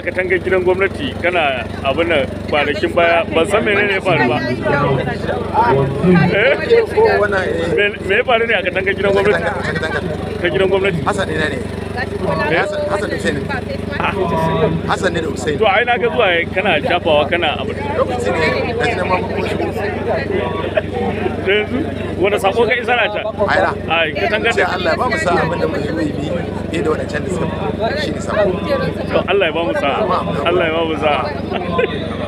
a katangar gidan gwamnati kana abin nan kwanakin baya ban san mene ne faru ba eh? me ya faru ne a katangar gidan gwamnati ta gidan gwamnati hasan ne ne hasan hussein hasan ne da hussein to ai na ga zuwa kana shafawa kana abu lokaci ne da mamakon shi yanzu wanda sako ka isar a can aira ai ka tangar da Allah ba mu sa abin da mai yi bi da wannan da suka shi ne sako to Allah ya ba mu sa Allah ya ba mu sa